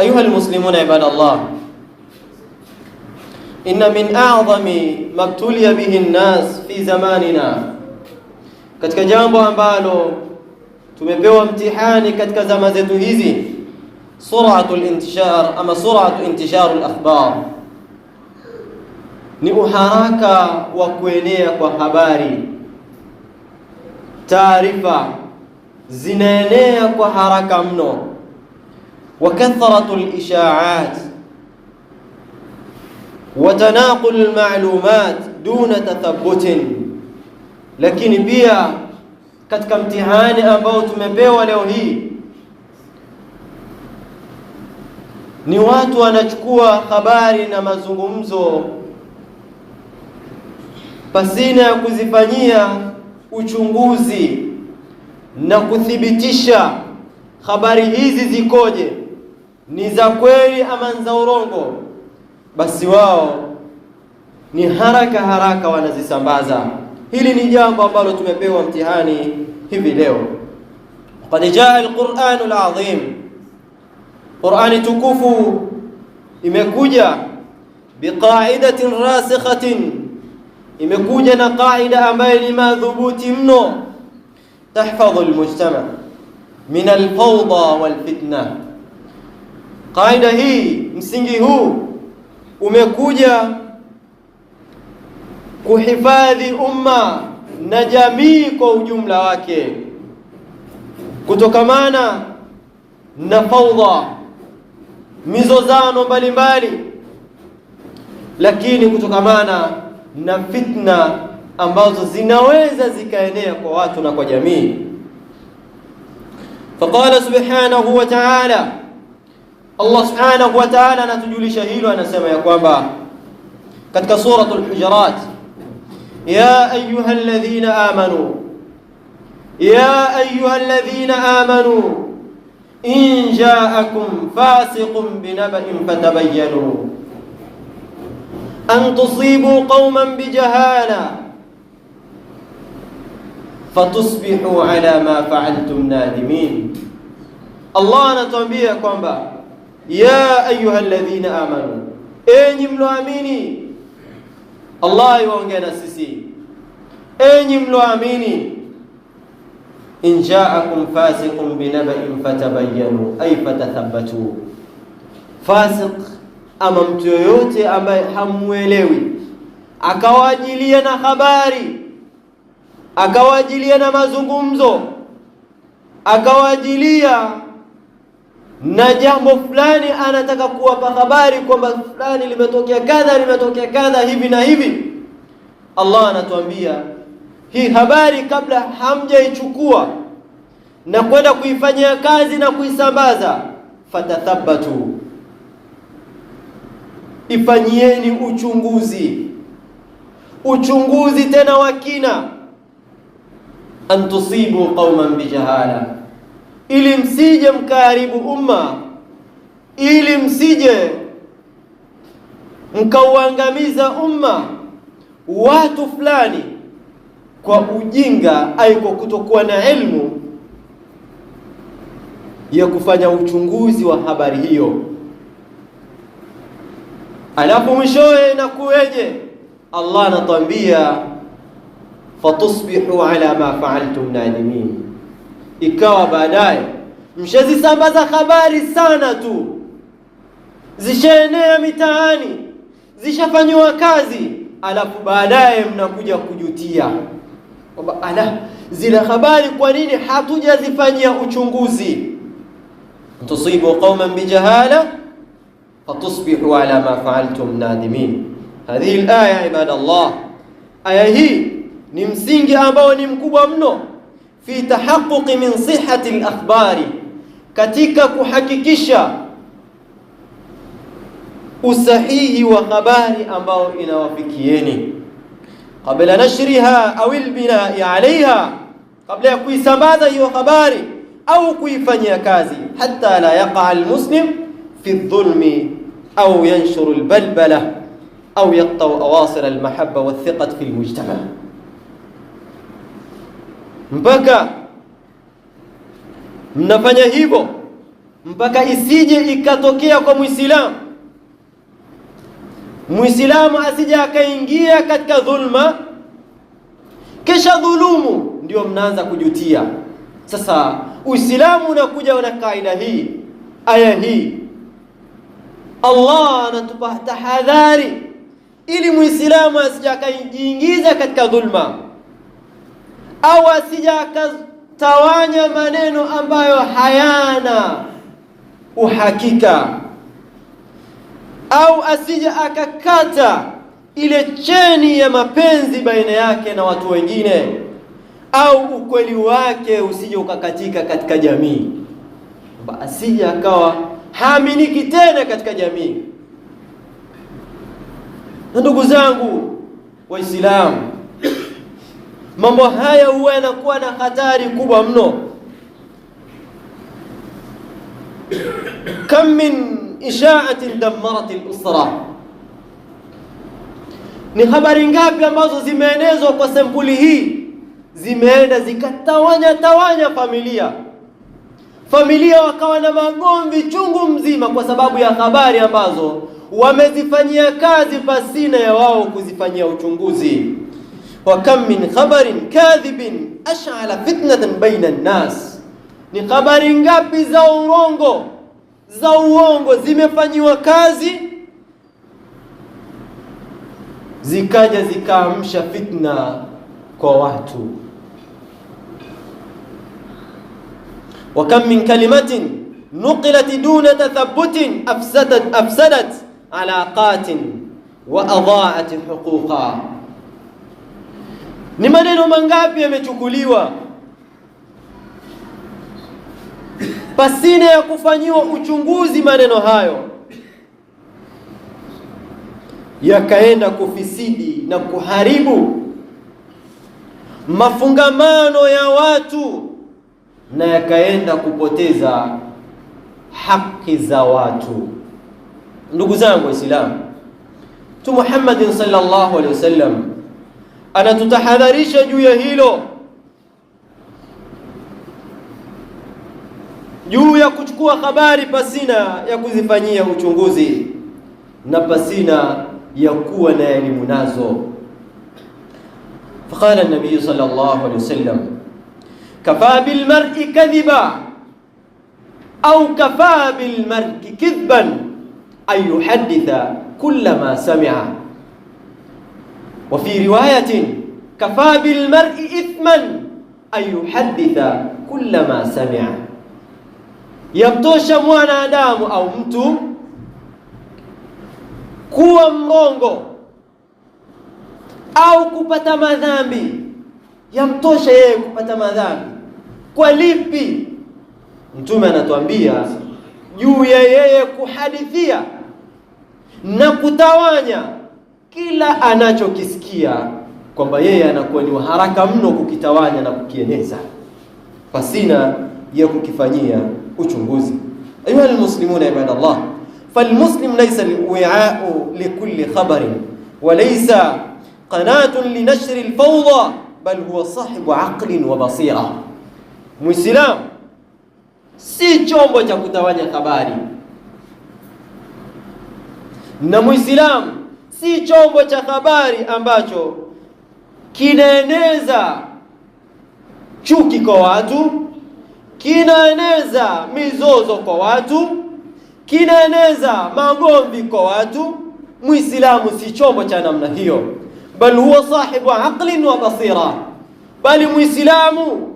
أيها المسلمون عباد الله إن من أعظم ما ابتلي به الناس في زماننا katika jambo ambalo tumepewa mtihani katika zama zetu hizi suratu lintishar ama suratu intisharu lakhbar ni uharaka wa kuenea kwa habari taarifa zinaenea kwa haraka mno wa kathratul ishaa'at wa tanaqul ma'lumat duna tathabutin. Lakini pia katika mtihani ambao tumepewa leo hii ni watu wanachukua habari na mazungumzo pasina ya kuzifanyia uchunguzi na kuthibitisha habari hizi zikoje ni za kweli ama ni za urongo, basi wao ni haraka haraka wanazisambaza. Hili ni jambo ambalo tumepewa mtihani hivi leo. Qad jaa alquran quran Qur'ani tukufu imekuja biqaidatin rasikhatin, imekuja na qaida ambayo ni madhubuti mno, tahfadhu al min al-fawda Kaida hii msingi huu umekuja kuhifadhi umma na jamii kwa ujumla wake kutokamana na fawdha, mizozano mbalimbali lakini kutokamana na fitna ambazo zinaweza zikaenea kwa watu na kwa jamii. Faqala subhanahu wa ta'ala Allah subhanahu wa ta'ala anatujulisha hilo, anasema ya kwamba katika suratul Hujurat, ya ayuha alladhina amanu, ya ayuha alladhina amanu in jaakum fasiqun binaba'in fatabayyanu an tusibu qauman bijahala fatusbihu ala ma fa'altum nadimin. Allah anatuambia kwamba ya ayuha alladhina amanu, enyi mloamini. Allah iwaongea na sisi, enyi mloamini. in jaakum fasiqun binabain fatabayanu ay fatathabbatu, fasiq ama mtu yoyote ambaye hamuelewi akawajilia na habari akawajilia na mazungumzo akawajilia na jambo fulani anataka kuwapa habari kwamba fulani limetokea kadha, limetokea kadha, hivi na hivi. Allah anatuambia hii habari kabla hamjaichukua na kwenda kuifanyia kazi na kuisambaza, fatathabatu, ifanyieni uchunguzi, uchunguzi tena wa kina, antusibu qauman bijahala ili msije mkaharibu umma, ili msije mkauangamiza umma, watu fulani kwa ujinga au kwa kutokuwa na elimu ya kufanya uchunguzi wa habari hiyo, alafu mwishowe kuweje Allah anatwambia fatusbihu ala ma faaltum nadimin ikawa baadaye mshazisambaza habari sana tu, zishaenea mitaani, zishafanywa kazi, alafu baadaye mnakuja kujutia kwamba ala, zile habari kwa nini hatujazifanyia uchunguzi? tusibu qauman bijahala fatusbihu ala ma faaltum nadhimin. Hadhihi alaya ibadallah, aya hii ni msingi ambao ni mkubwa mno في تحقق من صحة الأخبار كتيكا كحككشا أسحيه وخبار أمبو إنا وفكييني قبل نشرها أو البناء عليها قبل أن يسمى خبار أو كيفن يكازي حتى لا يقع المسلم في الظلم أو ينشر البلبلة أو يقطع أواصر المحبة والثقة في المجتمع mpaka mnafanya hivyo mpaka isije ikatokea kwa Muislamu, Muislamu asije akaingia katika dhulma, kisha dhulumu, ndio mnaanza kujutia. Sasa Uislamu unakuja na kaida hii, aya hii, Allah anatupa tahadhari ili Muislamu asije akajiingiza katika dhulma au asija akatawanya maneno ambayo hayana uhakika, au asija akakata ile cheni ya mapenzi baina yake na watu wengine, au ukweli wake usije ukakatika katika jamii, asija akawa haaminiki tena katika jamii. Na ndugu zangu Waislamu mambo haya huwa yanakuwa na hatari kubwa mno. kam min ishaatin damarat al-usra, ni habari ngapi ambazo zimeenezwa kwa sempuli hii, zimeenda zikatawanya tawanya familia familia wakawa na magomvi chungu mzima, kwa sababu ya habari ambazo wamezifanyia kazi pasina ya wao kuzifanyia uchunguzi. وكم من خبر كاذب أشعل فتنة بين الناس نخبر غاب زورونغو زي زيمفاني وكازي زيكاجا زيكامشا فتنة كواتو وكم من كلمة نقلت دون تثبت أفسدت أفسدت علاقات وأضاعت حقوقا Ni maneno mangapi yamechukuliwa pasina ya kufanyiwa uchunguzi, maneno hayo yakaenda kufisidi na kuharibu mafungamano ya watu na yakaenda kupoteza haki za watu. Ndugu zangu Waislamu, mtu Muhammadin sallallahu alaihi wasallam anatutahadharisha juu ya hilo, juu ya kuchukua habari pasina ya kuzifanyia uchunguzi na pasina ya kuwa na elimu nazo. Faqala nabiyu sallallahu alayhi wasallam, kafa bil mar'i kadhiba au kafa bil mar'i kidhban an yuhadditha kulla ma sami'a wa fi riwayatin kafaa bilmar'i ithman an yuhaditha kulla ma samia, yamtosha mwanadamu au mtu kuwa mrongo au kupata madhambi, yamtosha yeye kupata madhambi. Kwa lipi? Mtume anatuambia juu ya yeye kuhadithia na kutawanya kila anachokisikia kwamba yeye anakuwa ni haraka mno kukitawanya na kukieneza pasina ya kukifanyia uchunguzi. Ayuha lmuslimuna ibadallah, falmuslim laisa lwiau likuli khabarin wa laisa qanatun linashri lfawda bal huwa sahibu aqlin wa basira, Muislam si chombo cha kutawanya habari na Muislamu si chombo cha habari ambacho kinaeneza chuki kwa watu, kinaeneza mizozo kwa watu, kinaeneza magomvi kwa watu. Muislamu si chombo cha namna hiyo, bal huwa sahibu aqlin wa basira, bali muislamu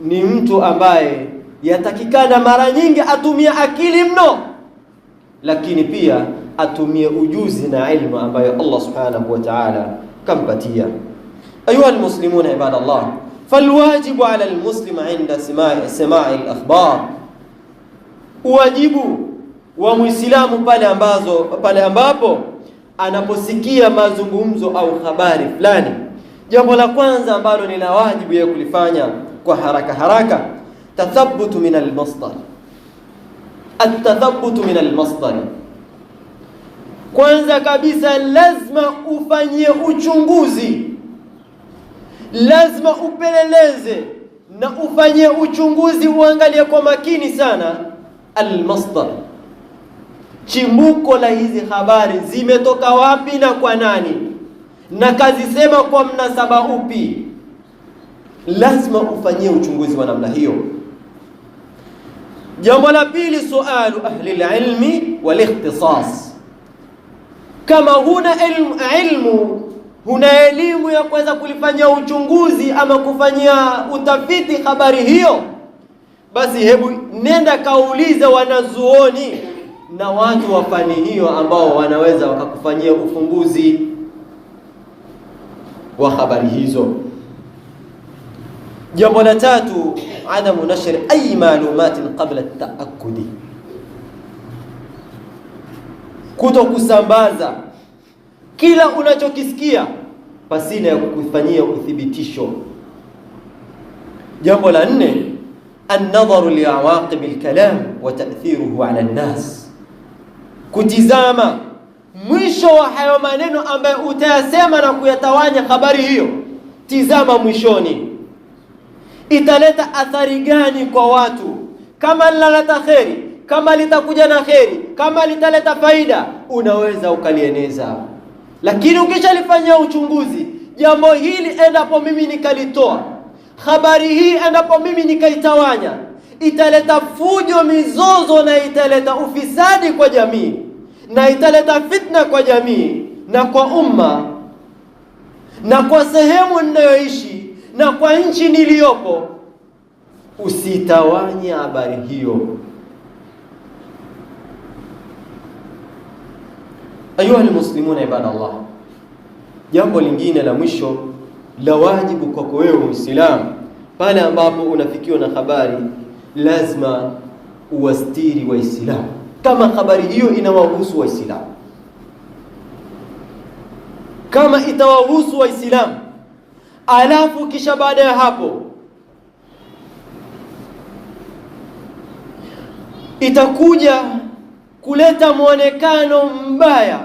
ni mtu ambaye yatakikana mara nyingi atumia akili mno lakini pia atumie ujuzi na ilmu ambayo Allah subhanahu wa ta'ala kampatia. Ayuha almuslimun ibadallah, falwajibu ala almuslim inda simai sama'i alakhbar, uwajibu wa muislamu pale ambazo pale ambapo anaposikia mazungumzo au habari fulani, jambo la kwanza ambalo ni la wajibu ya kulifanya kwa haraka haraka, tathabutu min almasdar atathabutu min almasdari, kwanza kabisa lazima ufanyie uchunguzi, lazima upeleleze na ufanyie uchunguzi, uangalie kwa makini sana almasdar, chimbuko la hizi habari zimetoka wapi na kwa nani na kazisema kwa mnasaba upi. Lazima ufanyie uchunguzi wa namna hiyo. Jambo la pili, sualu ahli lilmi walikhtisas. Kama huna ilmu, ilmu huna elimu ya kuweza kulifanyia uchunguzi ama kufanyia utafiti habari hiyo, basi hebu nenda kaulize wanazuoni na watu wa fani hiyo ambao wanaweza wakakufanyia ufunguzi wa habari hizo. Jambo la tatu, adamu nashr ay malumatin qabla taakudi, kuto kusambaza kila unachokisikia pasina ya kukufanyia uthibitisho. Jambo la nne, annadharu liawaqib alkalam wa ta'thiruhu ala an-nas, kutizama mwisho wa hayo maneno ambayo utayasema na kuyatawanya habari hiyo. Tizama mwishoni italeta athari gani kwa watu? Kama linaleta kheri, kama litakuja na kheri, kama litaleta faida, unaweza ukalieneza. Lakini ukishalifanyia uchunguzi jambo hili, endapo mimi nikalitoa habari hii, endapo mimi nikaitawanya, italeta fujo, mizozo, na italeta ufisadi kwa jamii, na italeta fitna kwa jamii na kwa umma na kwa sehemu ninayoishi na kwa nchi niliyopo, usitawanye habari hiyo. Ayuha almuslimuna ibadallah, jambo lingine la mwisho la wajibu kwako wewe Muislamu, pale ambapo unafikiwa na habari, lazima uwastiri Waislamu kama habari hiyo inawahusu Waislamu, kama itawahusu Waislamu alafu kisha baada ya hapo itakuja kuleta mwonekano mbaya,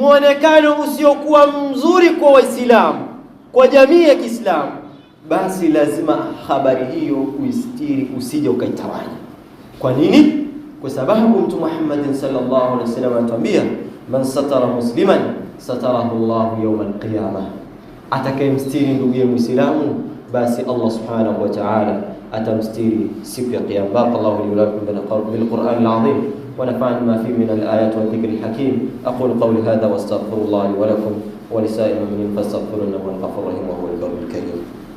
mwonekano usiokuwa mzuri kwa Waislamu, kwa jamii ya Kiislamu, basi lazima habari hiyo uistiri, usije ukaitawanya. Kwa nini? Kwa sababu Mtume Muhammad sallallahu alaihi wasallam anatuambia, man satara musliman satarahu Allahu yawmal qiyamah atakayemstiri ndugu yenu Muislamu basi Allah subhanahu wa ta'ala atamstiri siku ya kiyama. Barakallahu li wa lakum bil Qur'an al-azim wa nafa'ani ma fihi min al-ayat wa dhikri al-hakim. Aqulu qawli hadha wa astaghfirullah li wa lakum wa lisa'il mu'minin fastaghfiruhu innahu huwal ghafurur rahim wa huwal barrul karim.